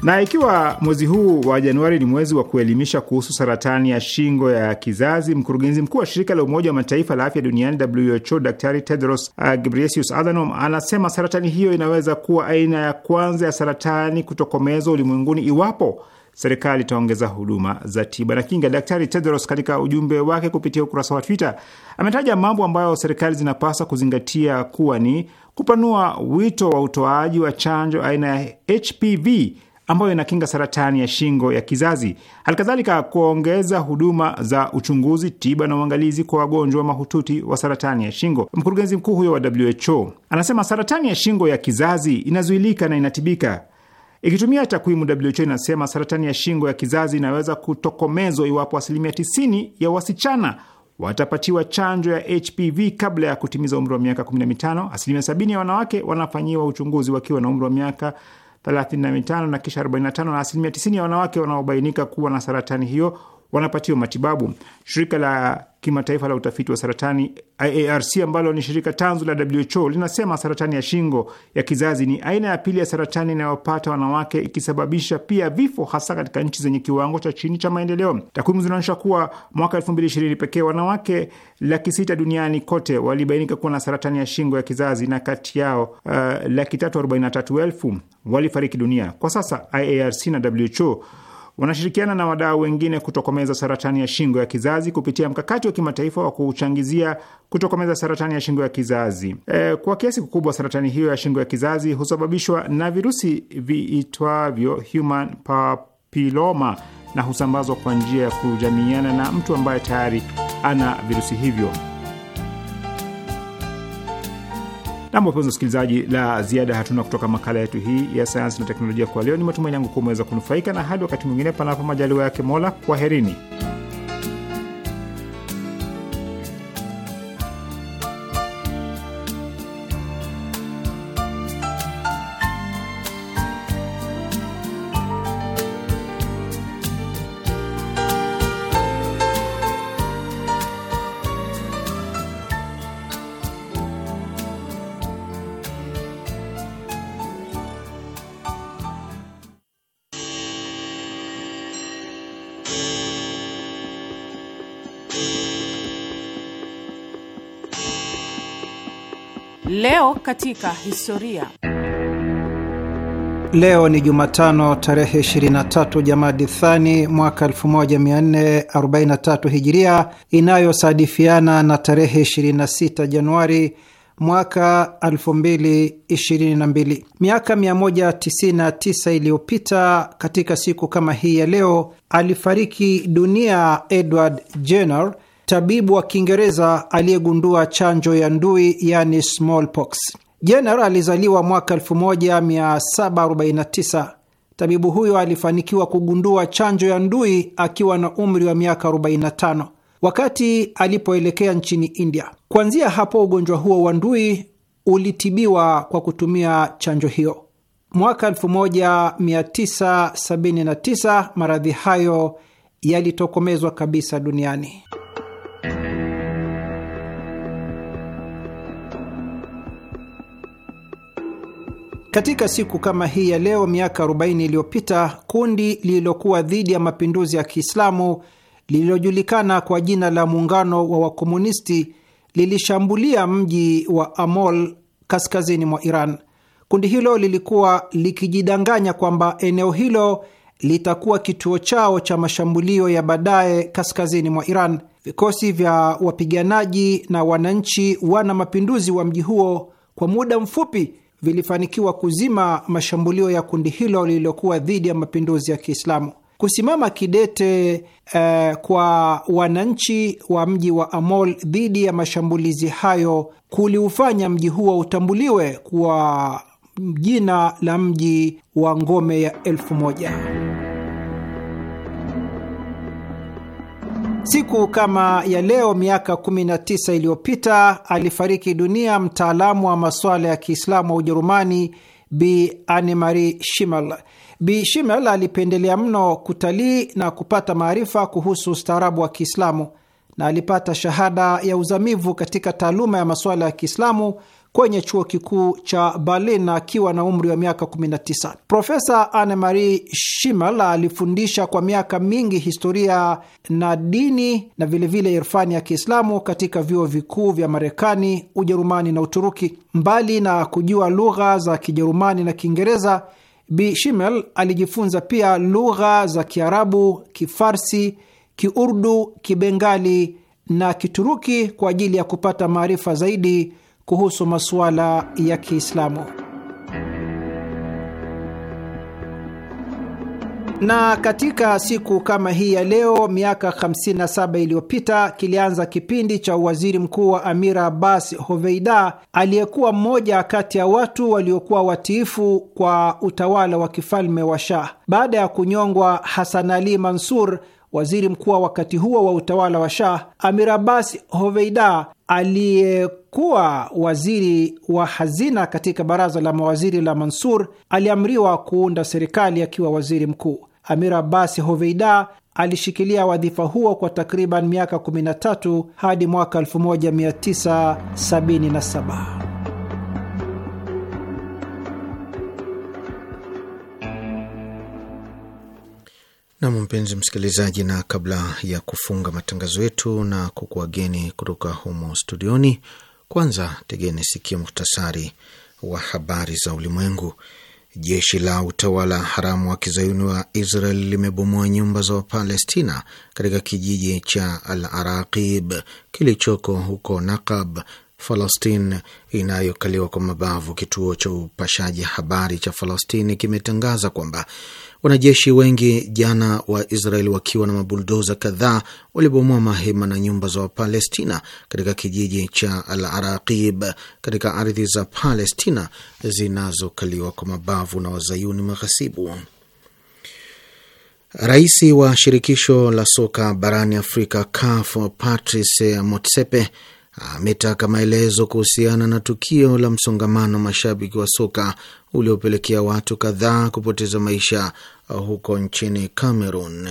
Na ikiwa mwezi huu wa Januari ni mwezi wa kuelimisha kuhusu saratani ya shingo ya kizazi, mkurugenzi mkuu wa shirika la Umoja wa Mataifa la afya duniani WHO, Daktari Tedros uh, Ghebreyesus Adhanom anasema saratani hiyo inaweza kuwa aina ya kwanza ya saratani kutokomezwa ulimwenguni iwapo serikali itaongeza huduma za tiba na kinga. Daktari Tedros katika ujumbe wake kupitia ukurasa wa Twitter ametaja mambo ambayo serikali zinapaswa kuzingatia kuwa ni kupanua wito wa utoaji wa chanjo aina ya HPV ambayo inakinga saratani ya shingo ya kizazi. Halikadhalika, kuongeza huduma za uchunguzi, tiba na uangalizi kwa wagonjwa mahututi wa saratani ya shingo. Mkurugenzi mkuu huyo wa WHO anasema saratani ya shingo ya kizazi inazuilika na inatibika. Ikitumia takwimu, WHO inasema saratani ya shingo ya kizazi inaweza kutokomezwa iwapo asilimia 90 ya wasichana watapatiwa chanjo ya HPV kabla ya kutimiza umri wa miaka 15. Asilimia 70 ya wanawake wanafanyiwa uchunguzi wakiwa na umri wa miaka 35 na kisha 45 na asilimia 90 ya wanawake wanaobainika kuwa na saratani hiyo wanapatiwa matibabu. Shirika la kimataifa la utafiti wa saratani IARC ambalo ni shirika tanzu la WHO linasema saratani ya shingo ya kizazi ni aina ya pili ya saratani inayopata wanawake, ikisababisha pia vifo, hasa katika nchi zenye kiwango cha chini cha maendeleo. Takwimu zinaonyesha kuwa mwaka 2020 pekee wanawake laki sita duniani kote walibainika kuwa na saratani ya shingo ya kizazi na kati yao uh, laki tatu arobaini na tatu elfu walifariki dunia. Kwa sasa IARC na WHO wanashirikiana na wadau wengine kutokomeza saratani ya shingo ya kizazi kupitia mkakati wa kimataifa wa kuchangizia kutokomeza saratani ya shingo ya kizazi. E, kwa kiasi kikubwa saratani hiyo ya shingo ya kizazi husababishwa na virusi viitwavyo human papiloma na husambazwa kwa njia ya kujamiiana na mtu ambaye tayari ana virusi hivyo. Nam, wapenzi wasikilizaji, la ziada hatuna kutoka makala yetu hii ya sayansi na teknolojia kwa leo. Ni matumaini yangu kuwa umeweza kunufaika, na hadi wakati mwingine, panapo majaliwa yake Mola, kwaherini. katika historia. Leo ni Jumatano tarehe 23 Jamadi Thani mwaka 1443 Hijiria, inayosadifiana na tarehe 26 Januari mwaka 2022. Miaka 199 iliyopita katika siku kama hii ya leo alifariki dunia Edward Jenner tabibu wa Kiingereza aliyegundua chanjo ya ndui, yani smallpox. Jenner alizaliwa mwaka 1749. Tabibu huyo alifanikiwa kugundua chanjo ya ndui akiwa na umri wa miaka 45 wakati alipoelekea nchini India. Kuanzia hapo ugonjwa huo wa ndui ulitibiwa kwa kutumia chanjo hiyo. Mwaka 1979 maradhi hayo yalitokomezwa kabisa duniani. Katika siku kama hii ya leo miaka 40 iliyopita kundi lililokuwa dhidi ya mapinduzi ya Kiislamu lililojulikana kwa jina la Muungano wa Wakomunisti lilishambulia mji wa Amol kaskazini mwa Iran. Kundi hilo lilikuwa likijidanganya kwamba eneo hilo litakuwa kituo chao cha mashambulio ya baadaye kaskazini mwa Iran. Vikosi vya wapiganaji na wananchi wana mapinduzi wa mji huo kwa muda mfupi vilifanikiwa kuzima mashambulio ya kundi hilo lililokuwa dhidi ya mapinduzi ya Kiislamu. Kusimama kidete uh, kwa wananchi wa mji wa Amol dhidi ya mashambulizi hayo kuliufanya mji huo utambuliwe kwa jina la mji wa ngome ya elfu moja. Siku kama ya leo miaka 19 iliyopita alifariki dunia mtaalamu wa masuala ya Kiislamu wa Ujerumani Bi Annemarie Schimmel. Bi Schimmel alipendelea mno kutalii na kupata maarifa kuhusu ustaarabu wa Kiislamu na alipata shahada ya uzamivu katika taaluma ya masuala ya Kiislamu kwenye chuo kikuu cha Berlin akiwa na umri wa miaka 19. Profesa Annemarie Schimmel alifundisha kwa miaka mingi historia na dini na vilevile irfani ya Kiislamu katika vyuo vikuu vya Marekani, Ujerumani na Uturuki. Mbali na kujua lugha za Kijerumani na Kiingereza, Bi Shimel alijifunza pia lugha za Kiarabu, Kifarsi, Kiurdu, Kibengali na Kituruki kwa ajili ya kupata maarifa zaidi kuhusu masuala ya Kiislamu. Na katika siku kama hii ya leo miaka 57 iliyopita kilianza kipindi cha waziri mkuu wa Amir Abbas Hoveida aliyekuwa mmoja kati ya watu waliokuwa watiifu kwa utawala wa kifalme wa Shah. Baada ya kunyongwa Hasan Ali Mansur, waziri mkuu wa wakati huo wa utawala wa Shah, Amir Abbas Hoveida aliye kuwa waziri wa hazina katika baraza la mawaziri la Mansur aliamriwa kuunda serikali akiwa waziri mkuu. Amir Abbas Hoveida alishikilia wadhifa huo kwa takriban miaka 13 hadi mwaka 1977. Nam, mpenzi msikilizaji, na kabla ya kufunga matangazo yetu na kukuageni kutoka humo studioni, kwanza tegeni sikia muhtasari wa habari za ulimwengu. Jeshi la utawala haramu wa kizayuni wa Israel limebomoa nyumba za Wapalestina katika kijiji cha Al Araqib kilichoko huko Naqab, Falastin inayokaliwa kwa mabavu. Kituo cha upashaji habari cha Falastini kimetangaza kwamba Wanajeshi wengi jana wa Israel wakiwa na mabuldoza kadhaa walibomoa mahema na nyumba za Wapalestina katika kijiji cha Al Araqib katika ardhi za Palestina zinazokaliwa kwa mabavu na wazayuni maghasibu. Rais wa shirikisho la soka barani Afrika CAF Patrice Motsepe ametaka maelezo kuhusiana na tukio la msongamano mashabiki wa soka uliopelekea watu kadhaa kupoteza maisha huko nchini Cameroon.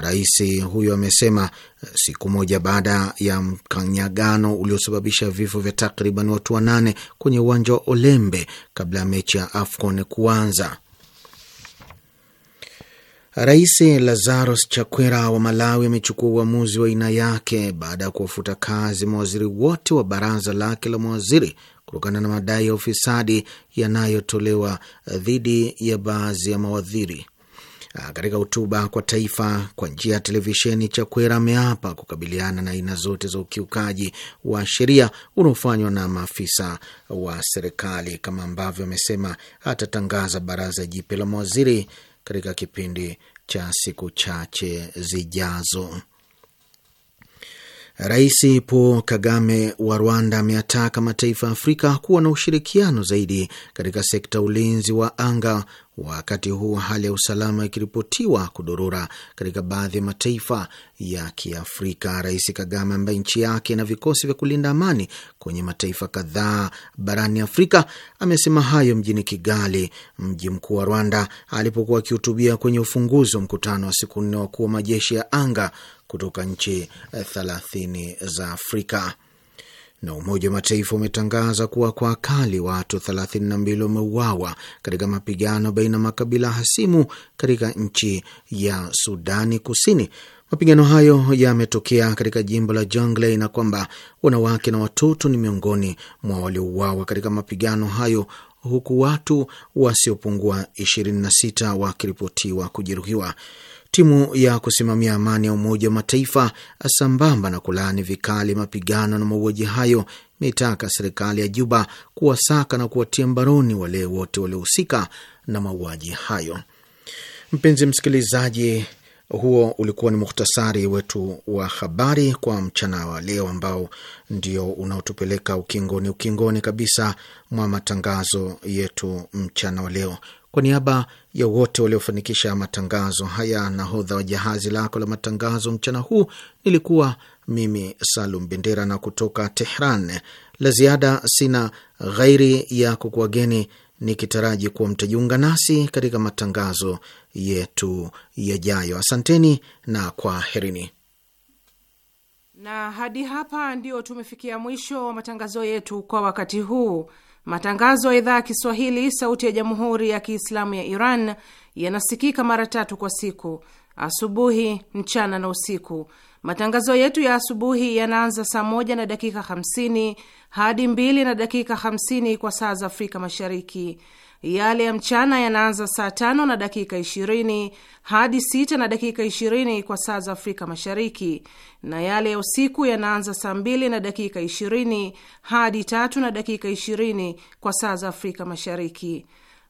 Rais huyo amesema siku moja baada ya mkanyagano uliosababisha vifo vya takriban watu wanane kwenye uwanja wa Olembe kabla ya mechi ya AFCON kuanza. Rais Lazarus Chakwera wa Malawi amechukua uamuzi wa aina yake baada ya kuwafuta kazi mawaziri wote wa baraza lake la mawaziri kutokana na madai ya ufisadi yanayotolewa dhidi ya baadhi ya mawaziri. Ah, katika hotuba kwa taifa kwa njia ya televisheni, Chakwera ameapa kukabiliana na aina zote za ukiukaji wa sheria unaofanywa na maafisa wa serikali, kama ambavyo amesema atatangaza baraza jipya la mawaziri katika kipindi cha siku chache zijazo. Rais Paul Kagame wa Rwanda ameataka mataifa ya Afrika kuwa na ushirikiano zaidi katika sekta ulinzi wa anga wakati huu hali ya usalama ikiripotiwa kudorora katika baadhi ya mataifa ya Kiafrika, Rais Kagame ambaye nchi yake na vikosi vya kulinda amani kwenye mataifa kadhaa barani Afrika amesema hayo mjini Kigali, mji mkuu wa Rwanda, alipokuwa akihutubia kwenye ufunguzi wa mkutano wa siku nne wakuu wa majeshi ya anga kutoka nchi thelathini za Afrika na Umoja wa Mataifa umetangaza kuwa kwa akali watu 32 wameuawa katika mapigano baina makabila hasimu katika nchi ya Sudani Kusini. Mapigano hayo yametokea katika jimbo la Jonglei na kwamba wanawake na watoto ni miongoni mwa waliouawa katika mapigano hayo huku watu wasiopungua 26 wakiripotiwa kujeruhiwa timu ya kusimamia amani ya Umoja wa Mataifa sambamba na kulaani vikali mapigano na mauaji hayo imeitaka serikali ya Juba kuwasaka na kuwatia mbaroni wale wote waliohusika na mauaji hayo. Mpenzi msikilizaji, huo ulikuwa ni muhtasari wetu wa habari kwa mchana wa leo, ambao ndio unaotupeleka ukingoni ukingoni kabisa mwa matangazo yetu mchana wa leo. Kwa niaba ya wote waliofanikisha matangazo haya, nahodha wa jahazi lako la matangazo mchana huu nilikuwa mimi Salum Bendera, na kutoka Tehran la ziada sina ghairi ya kukuwageni nikitaraji kuwa mtajiunga nasi katika matangazo yetu yajayo. Asanteni na kwaherini. Na hadi hapa ndio tumefikia mwisho wa matangazo yetu kwa wakati huu. Matangazo ya idhaa ya Kiswahili sauti ya jamhuri ya Kiislamu ya Iran yanasikika mara tatu kwa siku: asubuhi, mchana na usiku Matangazo yetu ya asubuhi yanaanza saa moja na dakika 50 hadi mbili na dakika 50 kwa saa za Afrika Mashariki. Yale ya mchana yanaanza saa tano na dakika ishirini hadi sita na dakika 20 kwa saa za Afrika Mashariki, na yale ya usiku yanaanza saa mbili na dakika 20 hadi tatu na dakika 20 kwa saa za Afrika Mashariki.